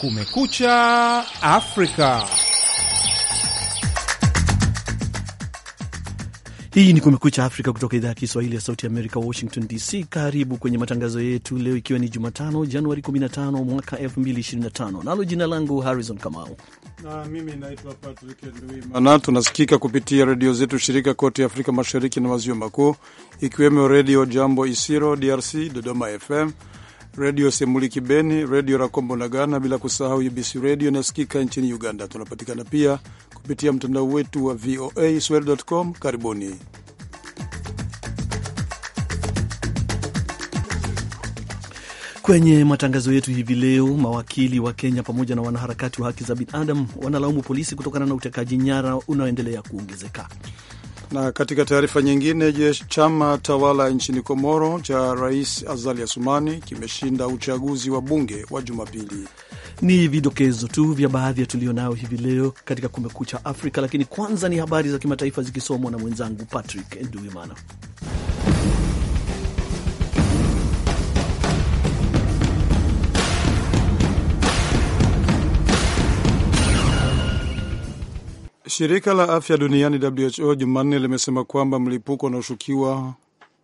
Kumekucha Afrika. Hii ni Kumekucha Afrika kutoka idhaa ya Kiswahili ya Sauti Amerika, Washington DC. Karibu kwenye matangazo yetu leo, ikiwa ni Jumatano Januari 15 mwaka 2025. Nalo jina langu Harrison Kamau na mimi naitwa Patrick Nduimana. Tunasikika kupitia redio zetu shirika kote Afrika Mashariki na Maziwa Makuu, ikiwemo Redio Jambo Isiro DRC, Dodoma FM Redio Semuliki Beni, Redio Rakombo na Ghana, bila kusahau UBC Redio inayosikika nchini Uganda. Tunapatikana pia kupitia mtandao wetu wa VOA swahili.com. Karibuni. Kwenye matangazo yetu hivi leo, mawakili wa Kenya pamoja na wanaharakati wa haki za binadamu wanalaumu polisi kutokana na utekaji nyara unaoendelea kuongezeka. Na katika taarifa nyingine, je, chama tawala nchini Komoro cha Rais Azali Asumani kimeshinda uchaguzi wa bunge wa Jumapili. Ni vidokezo tu vya baadhi ya tulio nayo hivi leo katika Kumekucha Afrika, lakini kwanza ni habari za kimataifa zikisomwa na mwenzangu Patrick Nduimana. Shirika la afya duniani WHO Jumanne limesema kwamba mlipuko unaoshukiwa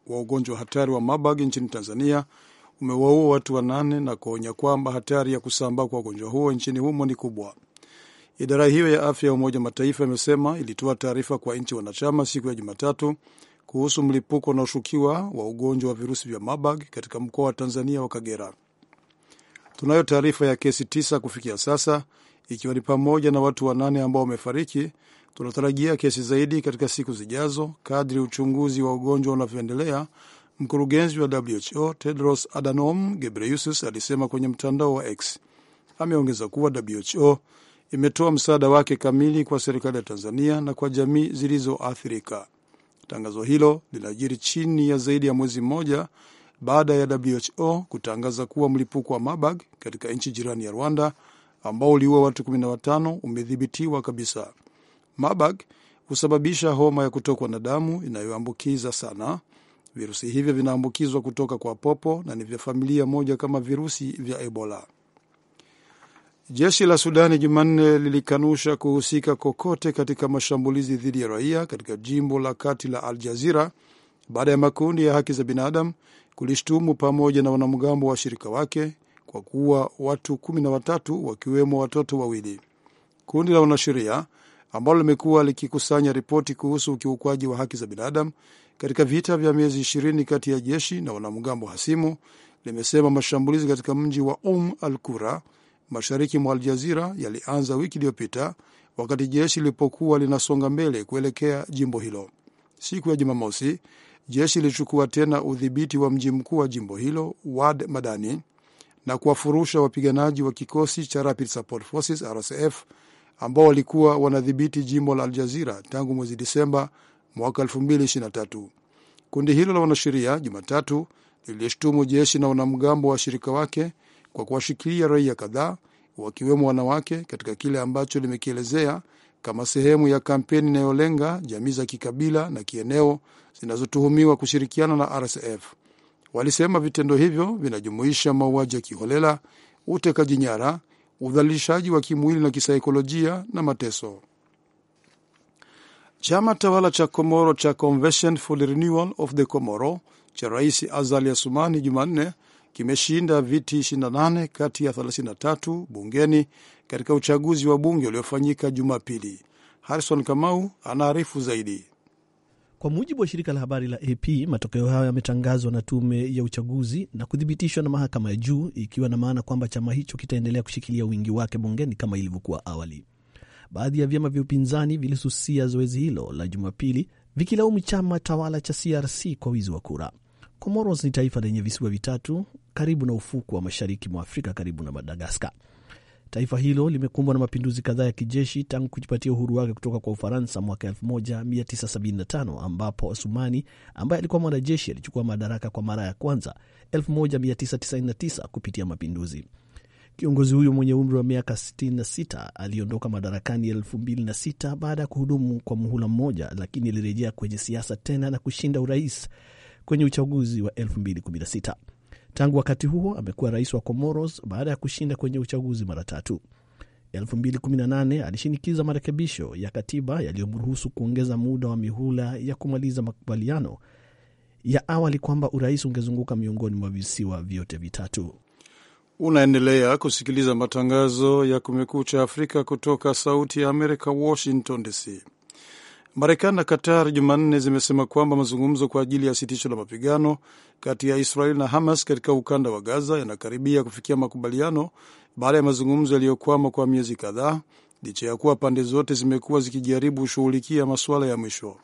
wa ugonjwa hatari wa Marburg nchini Tanzania umewaua watu wanane na kuonya kwamba hatari ya kusambaa kwa ugonjwa huo nchini humo ni kubwa. Idara hiyo ya afya ya Umoja Mataifa imesema ilitoa taarifa kwa nchi wanachama siku ya Jumatatu kuhusu mlipuko unaoshukiwa wa ugonjwa wa virusi vya Marburg katika mkoa wa Tanzania wa Kagera. Tunayo taarifa ya kesi tisa kufikia sasa, ikiwa ni pamoja na watu wanane ambao wamefariki. Tunatarajia kesi zaidi katika siku zijazo kadri uchunguzi wa ugonjwa unavyoendelea, mkurugenzi wa WHO Tedros Adhanom Ghebreyesus alisema kwenye mtandao wa X. Ameongeza kuwa WHO imetoa msaada wake kamili kwa serikali ya Tanzania na kwa jamii zilizoathirika. Tangazo hilo linajiri chini ya zaidi ya mwezi mmoja baada ya WHO kutangaza kuwa mlipuko wa mabag katika nchi jirani ya Rwanda ambao uliua watu 15 umedhibitiwa kabisa. Mabag husababisha homa ya kutokwa na damu inayoambukiza sana. Virusi hivyo vinaambukizwa kutoka kwa popo na ni vya familia moja kama virusi vya Ebola. Jeshi la Sudani Jumanne lilikanusha kuhusika kokote katika mashambulizi dhidi ya raia katika jimbo la kati la Al Jazira baada ya makundi ya haki za binadamu kulishtumu pamoja na wanamgambo wa washirika wake kwa kuwa watu kumi na watatu wakiwemo watoto wawili. Kundi la wanasheria ambalo limekuwa likikusanya ripoti kuhusu ukiukwaji wa haki za binadamu katika vita vya miezi ishirini kati ya jeshi na wanamgambo hasimu limesema mashambulizi katika mji wa Um al Qura mashariki mwa Aljazira yalianza wiki iliyopita wakati jeshi lilipokuwa linasonga mbele kuelekea jimbo hilo. Siku ya Jumamosi, jeshi lilichukua tena udhibiti wa mji mkuu wa jimbo hilo Wad Madani na kuwafurusha wapiganaji wa kikosi cha Rapid Support Forces RSF ambao walikuwa wanadhibiti jimbo la Aljazira tangu mwezi Disemba mwaka 2023. Kundi hilo la wanasheria Jumatatu lilishtumu jeshi na wanamgambo wa washirika wake kwa kuwashikilia raia kadhaa wakiwemo wanawake katika kile ambacho limekielezea kama sehemu ya kampeni inayolenga jamii za kikabila na kieneo zinazotuhumiwa kushirikiana na RSF. Walisema vitendo hivyo vinajumuisha mauaji ya kiholela, utekaji nyara, udhalilishaji wa kimwili na kisaikolojia na mateso. Chama tawala cha Komoro cha Convention for the Renewal of the Comoro cha Rais Azali sumani Jumanne kimeshinda viti 28 kati ya 33 bungeni katika uchaguzi wa bunge uliofanyika Jumapili. Harrison Kamau anaarifu zaidi. Kwa mujibu wa shirika la habari la AP, matokeo hayo yametangazwa na tume ya uchaguzi na kuthibitishwa na mahakama ya juu, ikiwa na maana kwamba chama hicho kitaendelea kushikilia wingi wake bungeni kama ilivyokuwa awali. Baadhi ya vyama vya upinzani vilisusia zoezi hilo la Jumapili, vikilaumu chama tawala cha CRC kwa wizi wa kura. Comoros ni taifa lenye visiwa vitatu karibu na ufuku wa mashariki mwa Afrika, karibu na Madagaskar. Taifa hilo limekumbwa na mapinduzi kadhaa ya kijeshi tangu kujipatia uhuru wake kutoka kwa Ufaransa mwaka 1975 ambapo Asumani ambaye alikuwa mwanajeshi alichukua madaraka kwa mara ya kwanza 1999 kupitia mapinduzi. Kiongozi huyo mwenye umri wa miaka 66 aliondoka madarakani 2006 baada ya kuhudumu kwa muhula mmoja, lakini alirejea kwenye siasa tena na kushinda urais kwenye uchaguzi wa 2016. Tangu wakati huo amekuwa rais wa Comoros baada ya kushinda kwenye uchaguzi mara tatu. 2018 alishinikiza marekebisho ya katiba yaliyomruhusu kuongeza muda wa mihula ya kumaliza makubaliano ya awali kwamba urais ungezunguka miongoni mwa visiwa vyote vitatu. Unaendelea kusikiliza matangazo ya Kumekucha Afrika kutoka Sauti ya Amerika, Washington DC. Marekani na Qatar Jumanne zimesema kwamba mazungumzo kwa ajili ya sitisho la mapigano kati ya Israel na Hamas katika ukanda wa Gaza yanakaribia kufikia makubaliano baada ya mazungumzo yaliyokwama kwa miezi kadhaa, licha ya kuwa pande zote zimekuwa zikijaribu kushughulikia masuala ya mwisho.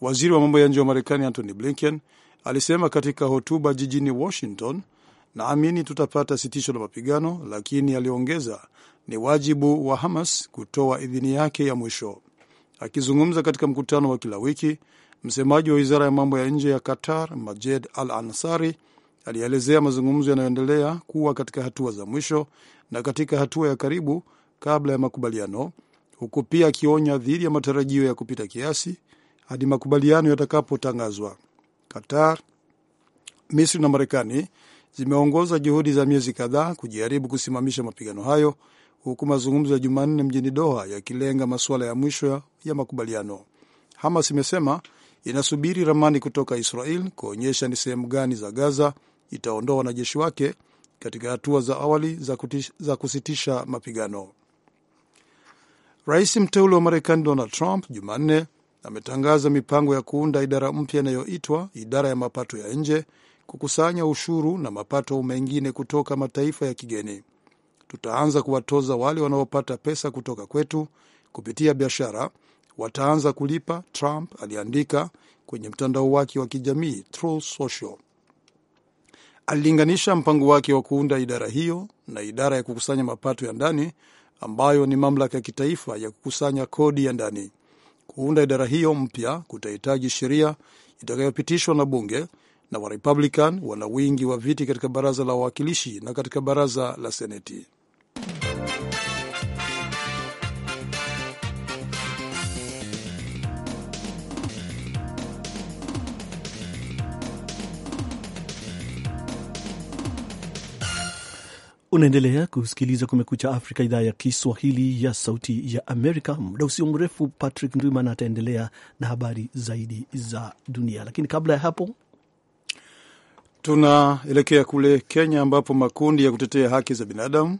Waziri wa mambo ya nje wa Marekani Antony Blinken alisema katika hotuba jijini Washington, naamini tutapata sitisho la mapigano, lakini aliongeza, ni wajibu wa Hamas kutoa idhini yake ya mwisho. Akizungumza katika mkutano wa kila wiki, msemaji wa wizara ya mambo ya nje ya Qatar, Majed Al Ansari, alielezea mazungumzo yanayoendelea kuwa katika hatua za mwisho na katika hatua ya karibu kabla ya makubaliano, huku pia akionya dhidi ya matarajio ya kupita kiasi hadi makubaliano yatakapotangazwa. Qatar, Misri na Marekani zimeongoza juhudi za miezi kadhaa kujaribu kusimamisha mapigano hayo huku mazungumzo ya Jumanne mjini Doha yakilenga masuala ya mwisho ya makubaliano. Hamas imesema inasubiri ramani kutoka Israel kuonyesha ni sehemu gani za Gaza itaondoa wanajeshi wake katika hatua za awali za, kutish, za kusitisha mapigano. Rais mteule wa Marekani Donald Trump Jumanne ametangaza mipango ya kuunda idara mpya inayoitwa idara ya mapato ya nje, kukusanya ushuru na mapato mengine kutoka mataifa ya kigeni. Tutaanza kuwatoza wale wanaopata pesa kutoka kwetu kupitia biashara, wataanza kulipa, Trump aliandika kwenye mtandao wake wa kijamii Truth Social. Alilinganisha mpango wake wa kuunda idara hiyo na idara ya kukusanya mapato ya ndani ambayo ni mamlaka ya kitaifa ya kukusanya kodi ya ndani. Kuunda idara hiyo mpya kutahitaji sheria itakayopitishwa na bunge na Warepublican wana wingi wa viti katika baraza la wawakilishi na katika baraza la seneti. Unaendelea kusikiliza Kumekucha Afrika, idhaa ya Kiswahili ya Sauti ya Amerika. Muda usio mrefu, Patrick Ndwimana ataendelea na habari zaidi za dunia, lakini kabla ya hapo tunaelekea kule Kenya ambapo makundi ya kutetea haki za binadamu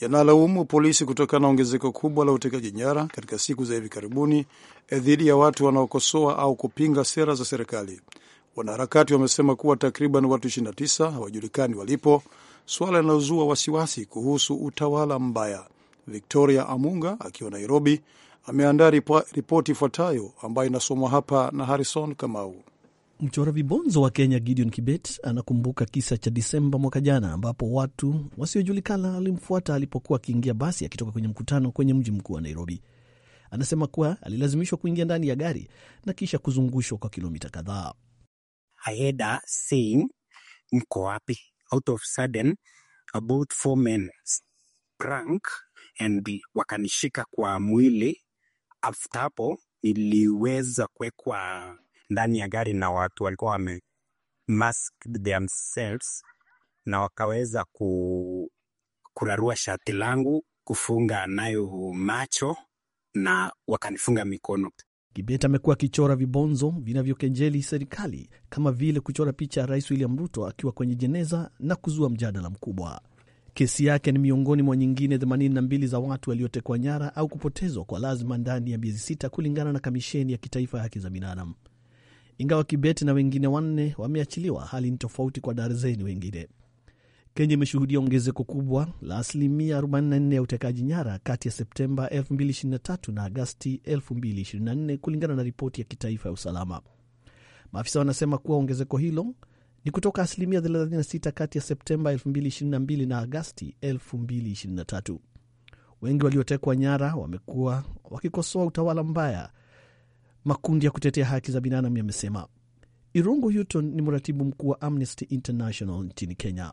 yanalaumu polisi kutokana na ongezeko kubwa la utekaji nyara katika siku za hivi karibuni eh, dhidi ya watu wanaokosoa au kupinga sera za serikali. Wanaharakati wamesema kuwa takriban watu 29 hawajulikani walipo suala linalozua wasiwasi kuhusu utawala mbaya. Victoria Amunga akiwa Nairobi ameandaa ripoti ifuatayo ambayo inasomwa hapa na Harrison Kamau. Mchora vibonzo wa Kenya Gideon Kibet anakumbuka kisa cha Disemba mwaka jana ambapo watu wasiojulikana alimfuata alipokuwa akiingia basi akitoka kwenye mkutano kwenye mji mkuu wa Nairobi. Anasema kuwa alilazimishwa kuingia ndani ya gari na kisha kuzungushwa kwa kilomita kadhaa. Aida Singh, mko wapi? out of sudden about four men sprang and wakanishika kwa mwili. After hapo niliweza kuwekwa ndani ya gari na watu walikuwa wame masked themselves na wakaweza ku, kurarua shati langu kufunga nayo macho na wakanifunga mikono. Kibet amekuwa akichora vibonzo vinavyokenjeli serikali kama vile kuchora picha ya Rais William Ruto akiwa kwenye jeneza na kuzua mjadala mkubwa. Kesi yake ni miongoni mwa nyingine 82 za watu waliotekwa nyara au kupotezwa kwa lazima ndani ya miezi sita, kulingana na Kamisheni ya Kitaifa ya Haki za Binadamu. Ingawa Kibet na wengine wanne wameachiliwa, hali ni tofauti kwa darzeni wengine. Kenya imeshuhudia ongezeko kubwa la asilimia 44 ya utekaji nyara kati ya Septemba 2023 na Agasti 2024 kulingana na ripoti ya kitaifa ya usalama. Maafisa wanasema kuwa ongezeko hilo ni kutoka asilimia 36 kati ya Septemba 2022 na Agasti 2023. Wengi waliotekwa nyara wamekuwa wakikosoa utawala mbaya, makundi ya kutetea haki za binadamu yamesema. Irungu Houghton ni mratibu mkuu wa Amnesty International nchini Kenya.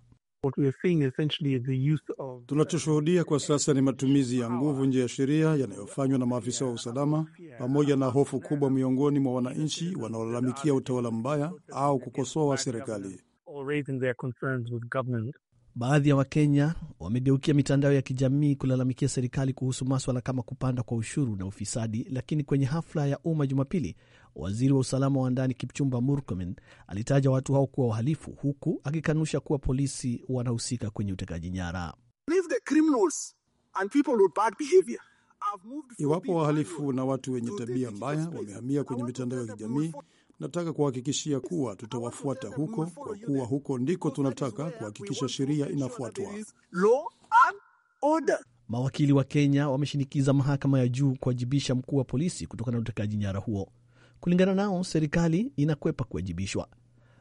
Tunachoshuhudia kwa sasa ni matumizi ya nguvu nje ya sheria yanayofanywa na maafisa wa usalama, pamoja na hofu kubwa miongoni mwa wananchi wanaolalamikia utawala mbaya au kukosoa serikali. Baadhi ya Wakenya wamegeukia mitandao ya kijamii kulalamikia serikali kuhusu maswala kama kupanda kwa ushuru na ufisadi, lakini kwenye hafla ya umma Jumapili Waziri wa usalama wa ndani Kipchumba Murkomen alitaja watu hao kuwa wahalifu, huku akikanusha kuwa polisi wanahusika kwenye utekaji nyara. Iwapo wahalifu na watu wenye tabia mbaya wamehamia kwenye mitandao ya kijamii, nataka kuhakikishia kuwa tutawafuata huko, kwa kuwa huko ndiko tunataka kuhakikisha sheria inafuatwa. Mawakili wa Kenya wameshinikiza mahakama ya juu kuwajibisha mkuu wa polisi kutokana na utekaji nyara huo. Kulingana nao, serikali inakwepa kuwajibishwa.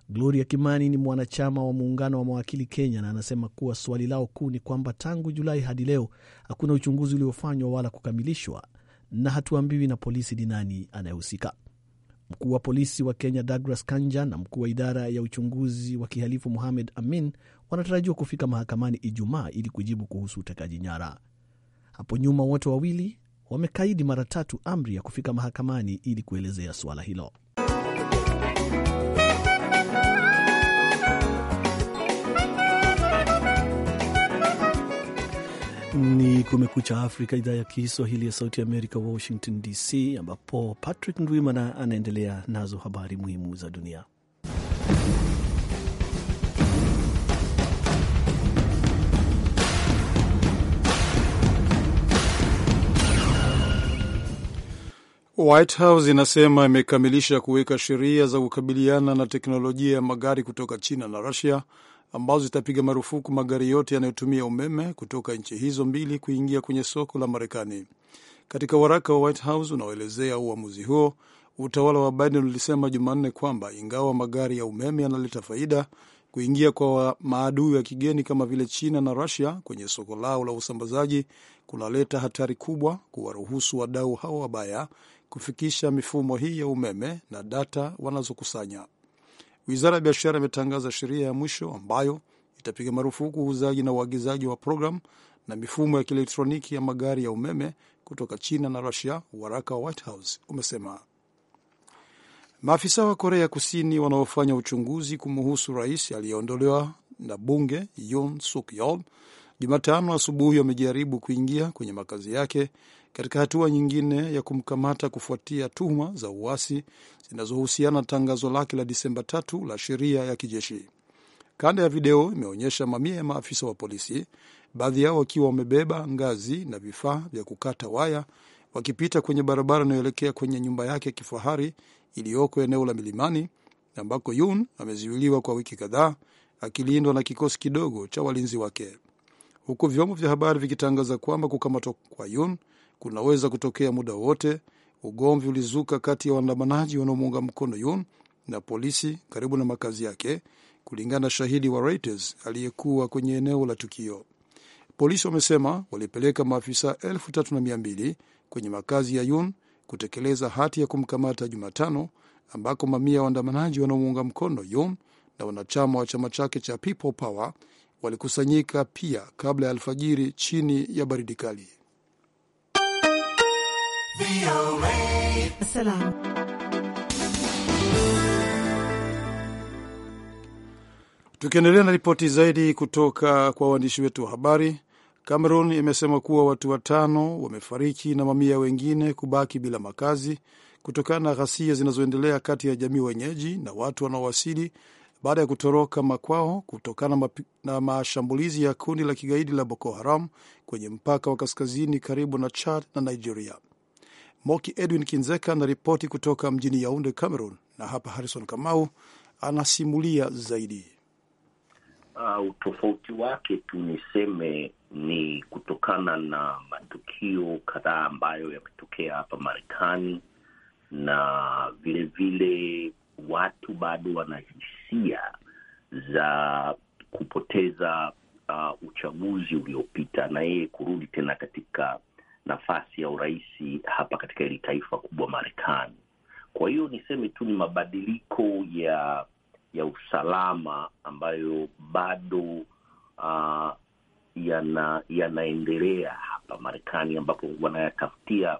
Gloria Kimani ni mwanachama wa muungano wa mawakili Kenya na anasema kuwa swali lao kuu ni kwamba tangu Julai hadi leo hakuna uchunguzi uliofanywa wala kukamilishwa, na hatuambiwi na polisi ni nani anayehusika. Mkuu wa polisi wa Kenya Douglas Kanja na mkuu wa idara ya uchunguzi wa kihalifu Mohamed Amin wanatarajiwa kufika mahakamani Ijumaa ili kujibu kuhusu utekaji nyara. Hapo nyuma wote wawili wamekaidi mara tatu amri ya kufika mahakamani ili kuelezea suala hilo. Ni Kumekucha Afrika, idhaa ya Kiswahili ya Sauti ya Amerika, Washington DC, ambapo Patrick Ndwimana anaendelea nazo habari muhimu za dunia. White House inasema imekamilisha kuweka sheria za kukabiliana na teknolojia ya magari kutoka China na Russia ambazo zitapiga marufuku magari yote yanayotumia umeme kutoka nchi hizo mbili kuingia kwenye soko la Marekani. Katika waraka wa White House unaoelezea uamuzi huo, utawala wa Biden ulisema Jumanne kwamba ingawa magari ya umeme yanaleta faida, kuingia kwa maadui ya kigeni kama vile China na Russia kwenye soko lao la usambazaji kunaleta hatari kubwa kuwaruhusu wadau hao wabaya kufikisha mifumo hii ya umeme na data wanazokusanya. Wizara ya Biashara imetangaza sheria ya mwisho ambayo itapiga marufuku uuzaji na uagizaji wa programu na mifumo ya kielektroniki ya magari ya umeme kutoka China na Rusia, waraka wa White House umesema. Maafisa wa Korea Kusini wanaofanya uchunguzi kumuhusu rais aliyeondolewa na bunge Yoon Suk Yeol Jumatano asubuhi wamejaribu kuingia kwenye makazi yake katika hatua nyingine ya kumkamata kufuatia tuhuma za uasi zinazohusiana na tangazo lake la Disemba tatu la sheria ya kijeshi. Kanda ya video imeonyesha mamia ya maafisa wa polisi, baadhi yao wakiwa wamebeba ngazi na vifaa vya kukata waya, wakipita kwenye barabara inayoelekea kwenye nyumba yake ya kifahari iliyoko eneo la milimani ambako Yun amezuiliwa kwa wiki kadhaa akilindwa na kikosi kidogo cha walinzi wake huku vyombo vya habari vikitangaza kwamba kukamatwa kwa Yun kunaweza kutokea muda wote. Ugomvi ulizuka kati ya waandamanaji wanaomuunga mkono Yun na polisi karibu na makazi yake, kulingana na shahidi wa Reuters aliyekuwa kwenye eneo la tukio. Polisi wamesema walipeleka maafisa elfu tatu na mia mbili kwenye makazi ya Yun kutekeleza hati ya kumkamata Jumatano, ambako mamia ya waandamanaji wanaomuunga mkono Yun na wanachama wa chama chake cha People Power walikusanyika pia kabla ya alfajiri chini ya baridi kali. Tukiendelea na ripoti zaidi kutoka kwa waandishi wetu wa habari, Cameroon imesema kuwa watu watano wamefariki na mamia wengine kubaki bila makazi kutokana na ghasia zinazoendelea kati ya jamii wenyeji na watu wanaowasili baada ya kutoroka makwao kutokana na mashambulizi ya kundi la kigaidi la Boko Haram kwenye mpaka wa kaskazini karibu na Chad na Nigeria. Moki Edwin Kinzeka anaripoti kutoka mjini Yaunde, Cameroon, na hapa Harrison Kamau anasimulia zaidi. Uh, utofauti wake tu niseme ni kutokana na matukio kadhaa ambayo yametokea hapa Marekani na vilevile vile watu bado wana hisia za kupoteza uh, uchaguzi uliopita na yeye kurudi tena katika nafasi ya urais hapa katika hili taifa kubwa Marekani. Kwa hiyo niseme tu ni mabadiliko ya ya usalama ambayo bado uh, yana yanaendelea hapa Marekani, ambapo wanayatafutia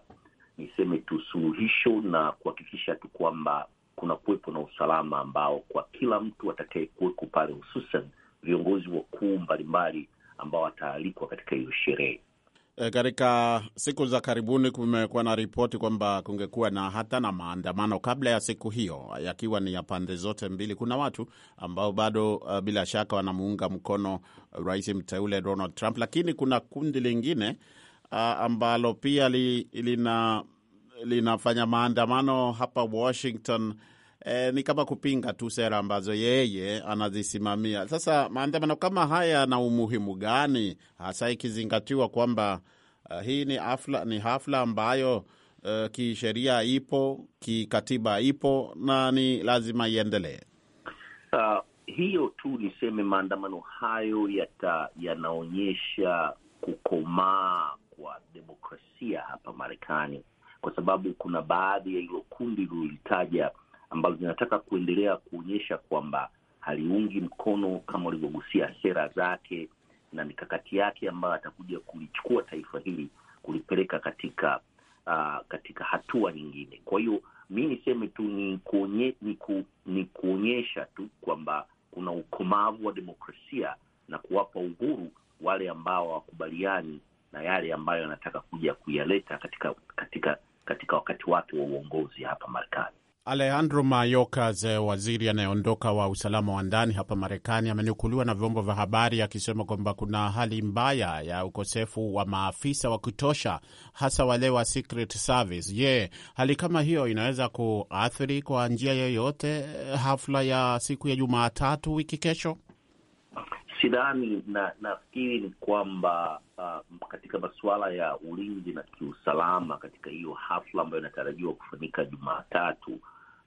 niseme tu suluhisho na kuhakikisha tu kwamba kuna kuwepo na usalama ambao kwa kila mtu kuweko pale, hususan viongozi wakuu mbalimbali ambao wataalikwa katika hiyo sherehe. E, katika siku za karibuni kumekuwa na ripoti kwamba kungekuwa na hata na maandamano kabla ya siku hiyo, yakiwa ni ya pande zote mbili. Kuna watu ambao bado uh, bila shaka wanamuunga mkono rais mteule Donald Trump, lakini kuna kundi lingine uh, ambalo pia li, lina linafanya maandamano hapa Washington e, ni kama kupinga tu sera ambazo yeye anazisimamia. Sasa maandamano kama haya yana umuhimu gani hasa ikizingatiwa kwamba uh, hii ni hafla, ni hafla ambayo uh, kisheria ipo, kikatiba ipo na ni lazima iendelee. Uh, hiyo tu niseme maandamano hayo yata, yanaonyesha kukomaa kwa demokrasia hapa Marekani kwa sababu kuna baadhi ya hilo kundi lilolitaja ambazo zinataka kuendelea kuonyesha kwamba haliungi mkono kama walivyogusia sera zake na mikakati yake ambayo atakuja kulichukua taifa hili kulipeleka katika uh, katika hatua nyingine. Kwa hiyo mi niseme tu ni, kuonye, ni, ku, ni kuonyesha tu kwamba kuna ukomavu wa demokrasia na kuwapa uhuru wale ambao hawakubaliani na yale ambayo anataka kuja kuyaleta katika katika katika wakati wake wa uongozi hapa Marekani. Alejandro Mayorkas, eh, waziri anayeondoka wa usalama wa ndani hapa Marekani, amenukuliwa na vyombo vya habari akisema kwamba kuna hali mbaya ya ukosefu wa maafisa wa kutosha, hasa wale wa Secret Service. Je, hali kama hiyo inaweza kuathiri kwa njia yoyote eh, hafla ya siku ya Jumatatu wiki kesho? Sidhani, na nafikiri ni kwamba uh, katika masuala ya ulinzi na kiusalama katika hiyo hafla ambayo inatarajiwa kufanyika Jumatatu,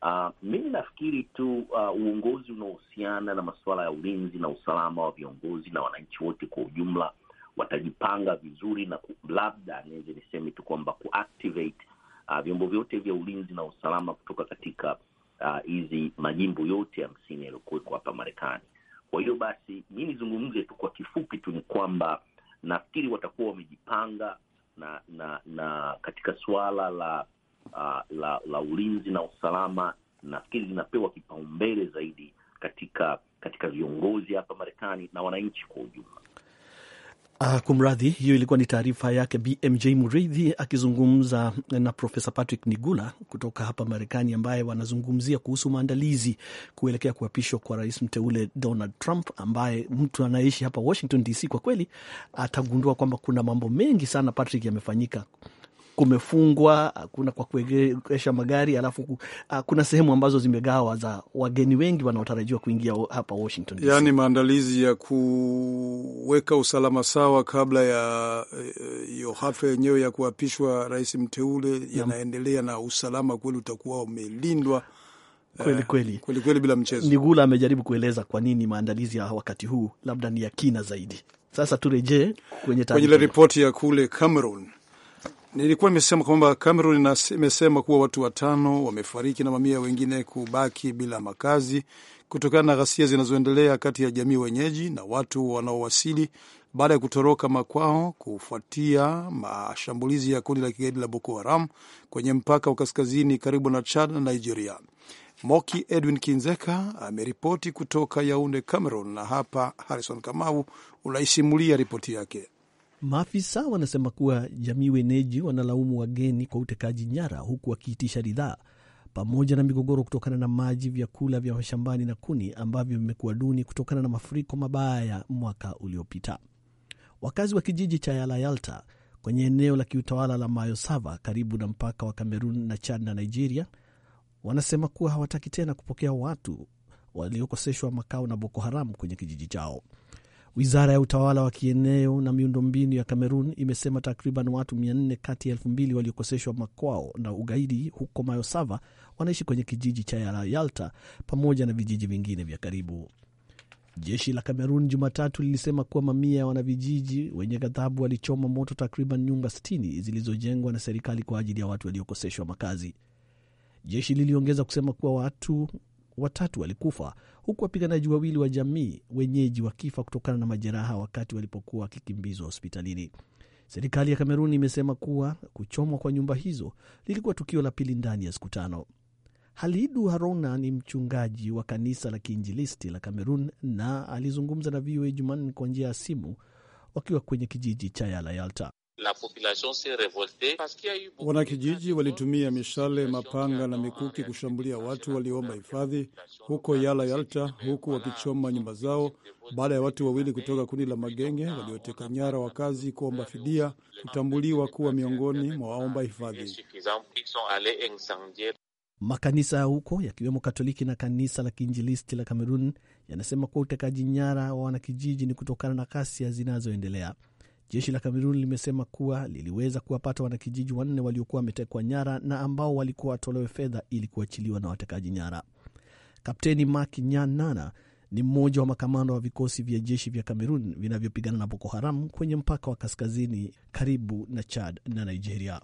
uh, mimi nafikiri tu uh, uongozi unaohusiana na masuala ya ulinzi na usalama wa viongozi na wananchi wote kwa ujumla watajipanga vizuri, na labda niweze niseme tu kwamba kuactivate uh, vyombo vyote vya ulinzi na usalama kutoka katika uh, hizi uh, majimbo yote hamsini yaliyokuwekwa hapa Marekani. Kwa hiyo basi, mi nizungumze tu kwa kifupi tu ni kwamba nafikiri watakuwa wamejipanga na na na katika suala la uh, la la ulinzi na usalama, nafikiri linapewa kipaumbele zaidi katika katika viongozi hapa Marekani na wananchi kwa ujumla. Uh, kumradhi, hiyo ilikuwa ni taarifa yake BMJ Mureithi akizungumza na Profesa Patrick Nigula kutoka hapa Marekani, ambaye wanazungumzia kuhusu maandalizi kuelekea kuapishwa kwa rais mteule Donald Trump, ambaye mtu anaishi hapa Washington DC kwa kweli atagundua kwamba kuna mambo mengi sana Patrick yamefanyika kumefungwa, kuna kwa kuegesha magari, alafu ah, kuna sehemu ambazo zimegawa za wageni wengi wanaotarajiwa kuingia hapa Washington DC. Yani maandalizi ya kuweka usalama sawa kabla ya eh, hiyo hafla yenyewe ya kuapishwa rais mteule yanaendelea, na usalama kweli utakuwa umelindwa eh, kweli kweli kweli kweli bila mchezo. Nigula amejaribu kueleza kwa nini maandalizi ya wakati huu labda ni ya kina zaidi. Sasa turejee kwenye kwenye ripoti ya kule Cameroon nilikuwa nimesema kwamba Cameroon imesema kuwa watu watano wamefariki na mamia wengine kubaki bila makazi kutokana na ghasia zinazoendelea kati ya jamii wenyeji na watu wanaowasili baada ya kutoroka makwao kufuatia mashambulizi ya kundi la kigaidi la Boko Haram kwenye mpaka wa kaskazini karibu na Chad na Nigeria. Moki Edwin Kinzeka ameripoti kutoka Yaunde, Cameroon, na hapa Harrison Kamau unaisimulia ripoti yake. Maafisa wanasema kuwa jamii wenyeji wanalaumu wageni kwa utekaji nyara, huku wakiitisha ridhaa pamoja na migogoro kutokana na maji, vyakula vya mashambani na kuni ambavyo vimekuwa duni kutokana na mafuriko mabaya ya mwaka uliopita. Wakazi wa kijiji cha Yalayalta kwenye eneo la kiutawala la Mayosava karibu na mpaka wa Kamerun na Chad na Nigeria wanasema kuwa hawataki tena kupokea watu waliokoseshwa makao na Boko Haram kwenye kijiji chao. Wizara ya utawala wa kieneo na miundombinu ya Kamerun imesema takriban watu 400 kati ya 2000 waliokoseshwa makwao na ugaidi huko Mayosava wanaishi kwenye kijiji cha Yalta pamoja na vijiji vingine vya karibu. Jeshi la Kamerun Jumatatu lilisema kuwa mamia ya wanavijiji wenye ghadhabu walichoma moto takriban nyumba 60 zilizojengwa na serikali kwa ajili ya watu waliokoseshwa makazi. Jeshi liliongeza kusema kuwa watu watatu walikufa huku wapiganaji wawili wa jamii wenyeji wakifa kutokana na majeraha wakati walipokuwa wakikimbizwa hospitalini. Serikali ya Kamerun imesema kuwa kuchomwa kwa nyumba hizo lilikuwa tukio la pili ndani ya siku tano. Halidu Harona ni mchungaji wa kanisa la kiinjilisti la Kamerun na alizungumza na VOA Jumanne kwa njia ya simu wakiwa kwenye kijiji cha Yala Yalta. La population s'est parce qu'il y a eu... Wanakijiji walitumia mishale, mapanga na mikuki kushambulia watu walioomba hifadhi huko Yala Yalta, huku wakichoma nyumba zao baada ya watu wawili kutoka kundi la magenge walioteka nyara wakazi kuomba fidia kutambuliwa kuwa miongoni mwa waomba hifadhi. Makanisa ya huko yakiwemo Katoliki na kanisa la Kiinjilisti la Kamerun yanasema kuwa utekaji nyara wa wanakijiji ni kutokana na kasia zinazoendelea. Jeshi la Kamerun limesema kuwa liliweza kuwapata wanakijiji wanne waliokuwa wametekwa nyara na ambao walikuwa watolewe fedha ili kuachiliwa na watekaji nyara. Kapteni Mak Nyanana ni mmoja wa makamanda wa vikosi vya jeshi vya Kamerun vinavyopigana na Boko Haram kwenye mpaka wa kaskazini karibu na Chad na Nigeria.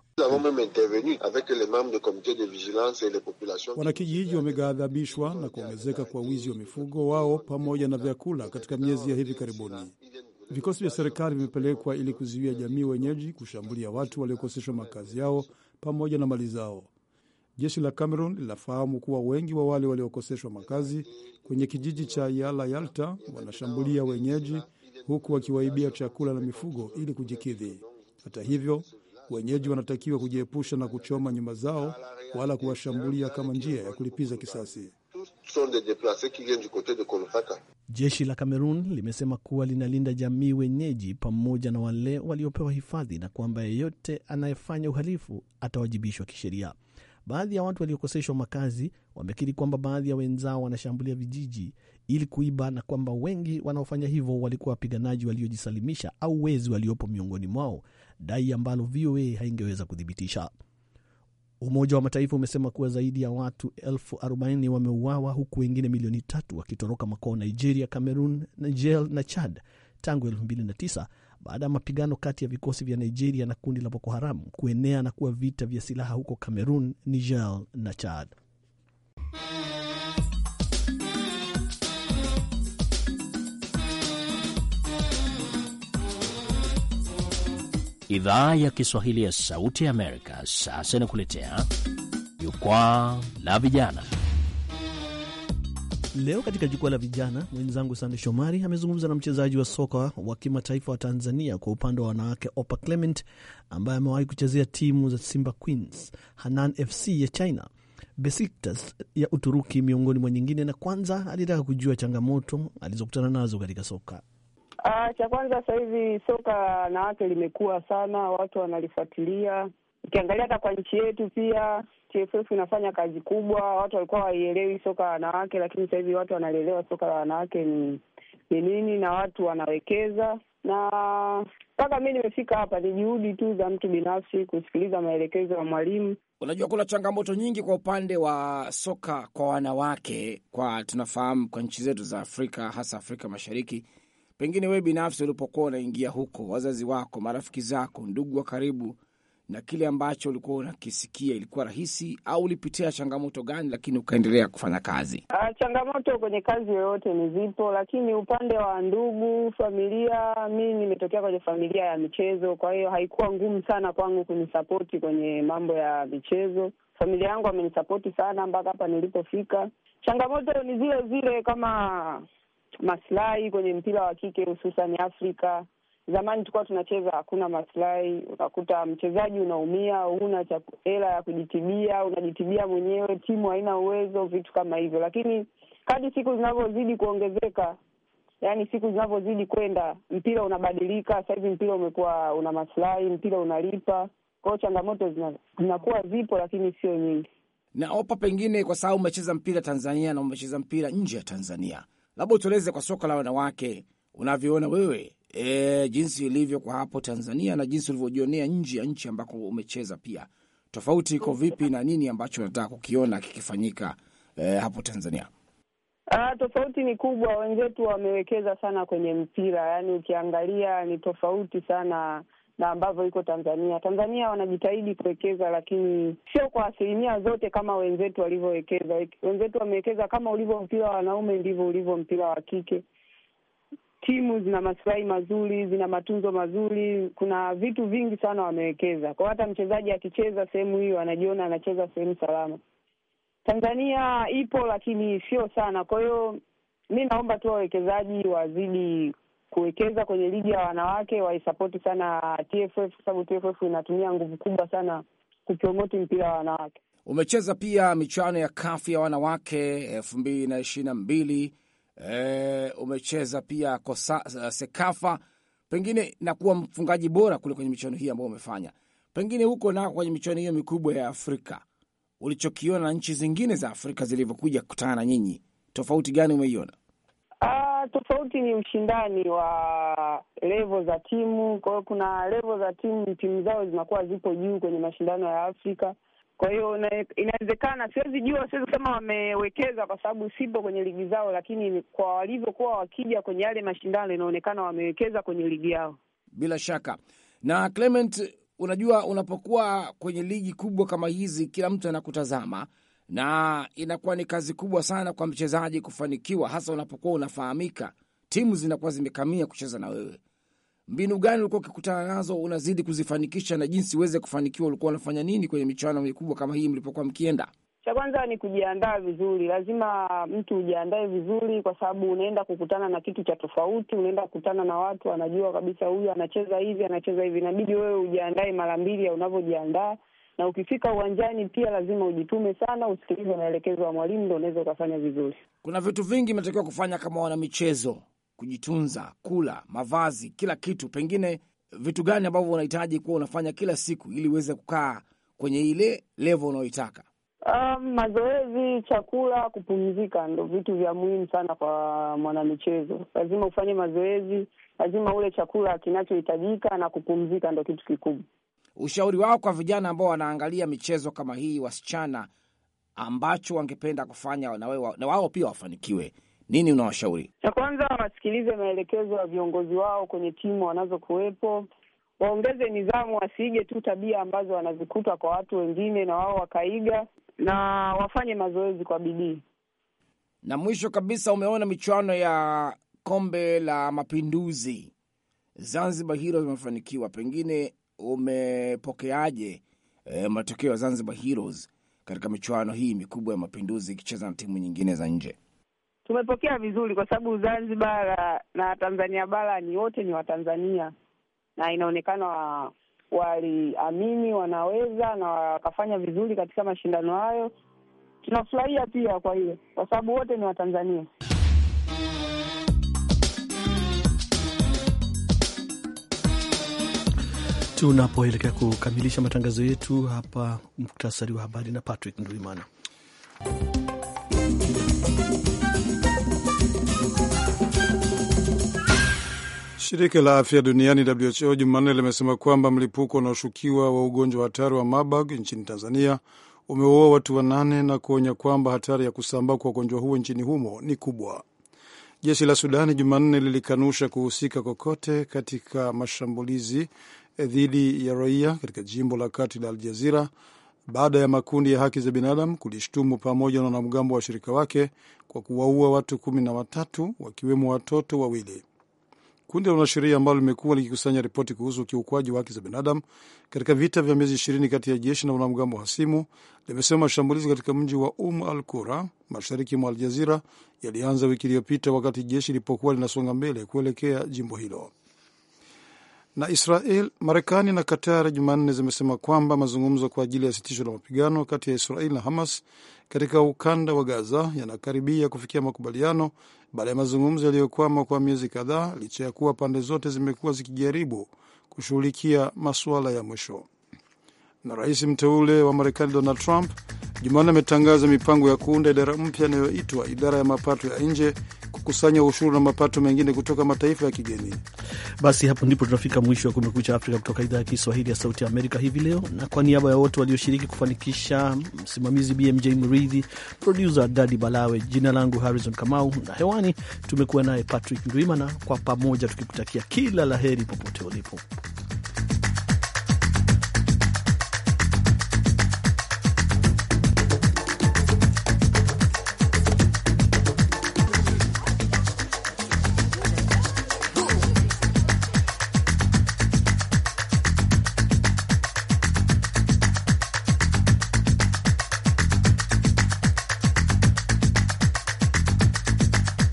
Wanakijiji wameghadhabishwa na kuongezeka kwa wizi wa mifugo wao pamoja na vyakula katika miezi ya hivi karibuni. Vikosi vya serikali vimepelekwa ili kuzuia jamii wenyeji kushambulia watu waliokoseshwa makazi yao pamoja na mali zao. Jeshi la Cameroon linafahamu kuwa wengi wa wale waliokoseshwa makazi kwenye kijiji cha Yala Yalta wanashambulia wenyeji, huku wakiwaibia chakula na mifugo ili kujikidhi. Hata hivyo, wenyeji wanatakiwa kujiepusha na kuchoma nyumba zao wala kuwashambulia kama njia ya kulipiza kisasi sont des qui viennent du côté de Jeshi la Cameroon limesema kuwa linalinda jamii wenyeji pamoja na wale waliopewa hifadhi na kwamba yeyote anayefanya uhalifu atawajibishwa kisheria. Baadhi ya watu waliokoseshwa makazi wamekiri kwamba baadhi ya wenzao wanashambulia vijiji ili kuiba na kwamba wengi wanaofanya hivyo walikuwa wapiganaji waliojisalimisha au wezi waliopo miongoni mwao, dai ambalo VOA haingeweza kuthibitisha. Umoja wa Mataifa umesema kuwa zaidi ya watu elfu arobaini wameuawa huku wengine milioni tatu wakitoroka makwao Nigeria, Cameroon, Niger na Chad tangu 2009 baada ya mapigano kati ya vikosi vya Nigeria na kundi la Boko Haram kuenea na kuwa vita vya silaha huko Cameroon, Niger na Chad. Idhaa ya Kiswahili ya Sauti ya Amerika sasa inakuletea Jukwaa la Vijana. Leo katika Jukwaa la Vijana, mwenzangu Sande Shomari amezungumza na mchezaji wa soka wa kimataifa wa Tanzania kwa upande wa wanawake Opa Clement ambaye amewahi kuchezea timu za Simba Queens, Hanan FC ya China, Besiktas ya Uturuki miongoni mwa nyingine, na kwanza alitaka kujua changamoto alizokutana nazo katika soka. Ah, cha kwanza sasa hivi soka na wake limekuwa sana, watu wanalifuatilia. Ukiangalia hata kwa nchi yetu pia TFF inafanya kazi kubwa. Watu walikuwa waielewi soka la wanawake, lakini sasa hivi watu wanalielewa soka la wanawake ni ni nini, na watu wanawekeza. Na mpaka mi nimefika hapa, ni juhudi tu za mtu binafsi kusikiliza maelekezo ya mwalimu. Unajua, kuna changamoto nyingi kwa upande wa soka kwa wanawake, kwa tunafahamu kwa nchi zetu za Afrika, hasa Afrika Mashariki Pengine wewe binafsi ulipokuwa unaingia huko, wazazi wako, marafiki zako, ndugu wa karibu, na kile ambacho ulikuwa unakisikia, ilikuwa rahisi au ulipitia changamoto gani, lakini ukaendelea kufanya kazi? A, ah, changamoto kwenye kazi yoyote ni zipo, lakini upande wa ndugu, familia, mi nimetokea kwenye familia ya michezo, kwa hiyo haikuwa ngumu sana kwangu kunisapoti kwenye mambo ya michezo. Familia yangu amenisapoti sana mpaka hapa nilipofika. Changamoto ni zile zile kama maslahi kwenye mpira wa kike hususan Afrika. Zamani tulikuwa tunacheza hakuna maslahi, unakuta mchezaji unaumia, huna hela ya kujitibia, unajitibia mwenyewe, timu haina uwezo, vitu kama hivyo. Lakini kadri siku zinavyozidi kuongezeka, yani siku zinavyozidi kwenda, mpira unabadilika. Sasa hivi mpira umekuwa una maslahi, mpira unalipa. Kwa hiyo changamoto zinakuwa zipo, lakini sio nyingi. naopa pengine kwa sababu umecheza mpira Tanzania na umecheza mpira nje ya Tanzania, labda utueleze kwa soka la wanawake unavyoona wewe e, jinsi ilivyo kwa hapo Tanzania na jinsi ulivyojionea nje ya nchi ambako umecheza pia, tofauti iko vipi na nini ambacho unataka kukiona kikifanyika e, hapo Tanzania? Ah, tofauti ni kubwa. Wenzetu wamewekeza sana kwenye mpira, yaani ukiangalia ni tofauti sana na ambavyo iko Tanzania. Tanzania wanajitahidi kuwekeza, lakini sio kwa asilimia zote kama wenzetu walivyowekeza. Wenzetu wamewekeza, kama ulivyo mpira wa wanaume ndivyo ulivyo mpira wa kike. Timu zina masilahi mazuri, zina matunzo mazuri, kuna vitu vingi sana wamewekeza kwao. Hata mchezaji akicheza sehemu hiyo anajiona anacheza sehemu salama. Tanzania ipo lakini sio sana, kwa hiyo mi naomba tu wawekezaji wazidi kuwekeza kwenye ligi ya wanawake waisapoti sana TFF kwa sababu TFF inatumia nguvu kubwa sana kupromoti mpira wa wanawake. Umecheza pia michuano ya kafu ya wanawake elfu mbili na ishirini na mbili. E, umecheza pia kosa, eh, Sekafa pengine na kuwa mfungaji bora kule kwenye michuano hii ambayo umefanya pengine huko nako kwenye michuano hiyo mikubwa ya Afrika ulichokiona na nchi zingine za Afrika zilivyokuja kukutana na nyinyi, tofauti gani umeiona? tofauti ni ushindani wa levo za timu. Kwa hiyo kuna levo za timu, timu zao zinakuwa zipo juu kwenye mashindano ya Afrika. Kwa hiyo inawezekana, siwezi jua, siwezi kusema wamewekeza kwa sababu sipo kwenye ligi zao, lakini kwa walivyokuwa wakija kwenye yale mashindano inaonekana wamewekeza kwenye ligi yao. Bila shaka na Clement, unajua unapokuwa kwenye ligi kubwa kama hizi, kila mtu anakutazama na inakuwa ni kazi kubwa sana kwa mchezaji kufanikiwa, hasa unapokuwa unafahamika, timu zinakuwa zimekamia kucheza na wewe. Mbinu gani ulikuwa ukikutana nazo unazidi kuzifanikisha, na jinsi uweze kufanikiwa, ulikuwa unafanya nini kwenye michuano mikubwa kama hii mlipokuwa mkienda? Cha kwanza ni kujiandaa vizuri. Lazima mtu ujiandae vizuri, kwa sababu unaenda kukutana na kitu cha tofauti, unaenda kukutana na watu wanajua kabisa, huyu anacheza hivi, anacheza hivi, inabidi wewe ujiandae mara mbili ya unavyojiandaa na ukifika uwanjani pia lazima ujitume sana, usikilize maelekezo ya mwalimu, ndo unaweza ukafanya vizuri. Kuna vitu vingi vinatakiwa kufanya kama wanamichezo kujitunza, kula, mavazi, kila kitu. Pengine vitu gani ambavyo unahitaji kuwa unafanya kila siku ili uweze kukaa kwenye ile level unaoitaka Um, ah, mazoezi, chakula, kupumzika ndo vitu vya muhimu sana kwa mwanamichezo. Lazima ufanye mazoezi, lazima ule chakula kinachohitajika na kupumzika ndo kitu kikubwa ushauri wao kwa vijana ambao wanaangalia michezo kama hii, wasichana, ambacho wangependa kufanya na wao na pia wafanikiwe, nini unawashauri? Cha kwanza, wasikilize maelekezo ya viongozi wao kwenye timu wanazokuwepo, waongeze nidhamu, wasiige tu tabia ambazo wanazikuta kwa watu wengine na wao wakaiga, na wafanye mazoezi kwa bidii. Na mwisho kabisa, umeona michuano ya kombe la mapinduzi Zanzibar, hilo imefanikiwa, pengine umepokeaje e, matokeo ya Zanzibar Heroes katika michuano hii mikubwa ya Mapinduzi ikicheza na timu nyingine za nje? Tumepokea vizuri kwa sababu Zanzibar na Tanzania bara ni wote ni Watanzania na inaonekana wa, waliamini wanaweza na wakafanya vizuri katika mashindano hayo. Tunafurahia pia kwa hiyo, kwa sababu wote ni Watanzania. Tunapoelekea kukamilisha matangazo yetu hapa, muktasari wa habari na Patrick Nduimana. Shirika la afya duniani WHO Jumanne limesema kwamba mlipuko unaoshukiwa wa ugonjwa hatari wa Marburg nchini Tanzania umeua watu wanane na kuonya kwamba hatari ya kusambaa kwa ugonjwa huo nchini humo ni kubwa. Jeshi la Sudani Jumanne lilikanusha kuhusika kokote katika mashambulizi dhidi ya raia katika jimbo la kati la Aljazira baada ya makundi ya haki za binadam kulishtumu pamoja na wanamgambo wa washirika wake kwa kuwaua watu kumi na watatu wakiwemo watoto wawili. Kundi la wanasheria ambalo limekuwa likikusanya ripoti kuhusu ukiukwaji wa haki za binadam katika vita vya miezi ishirini kati ya jeshi na wanamgambo hasimu limesema mashambulizi katika mji wa Um al Qura mashariki mwa Aljazira yalianza wiki iliyopita wakati jeshi lilipokuwa linasonga mbele kuelekea jimbo hilo na Israel, Marekani na Qatar Jumanne zimesema kwamba mazungumzo kwa ajili ya sitisho la mapigano kati ya Israel na Hamas katika ukanda wa Gaza yanakaribia kufikia makubaliano baada ya mazungumzo yaliyokwama kwa miezi kadhaa, licha ya kuwa pande zote zimekuwa zikijaribu kushughulikia masuala ya mwisho. Na rais mteule wa Marekani Donald Trump Jumanne ametangaza mipango ya kuunda idara mpya inayoitwa idara ya mapato ya nje kukusanya ushuru na mapato mengine kutoka mataifa ya kigeni. Basi hapo ndipo tunafika mwisho wa Kumekucha Afrika kutoka idhaa ya Kiswahili ya Sauti ya Amerika hivi leo, na kwa niaba ya wote walioshiriki kufanikisha, msimamizi BMJ Mridhi, produsa Dadi Balawe, jina langu Harrison Kamau na hewani tumekuwa naye Patrick Ndwimana, kwa pamoja tukikutakia kila la heri popote ulipo.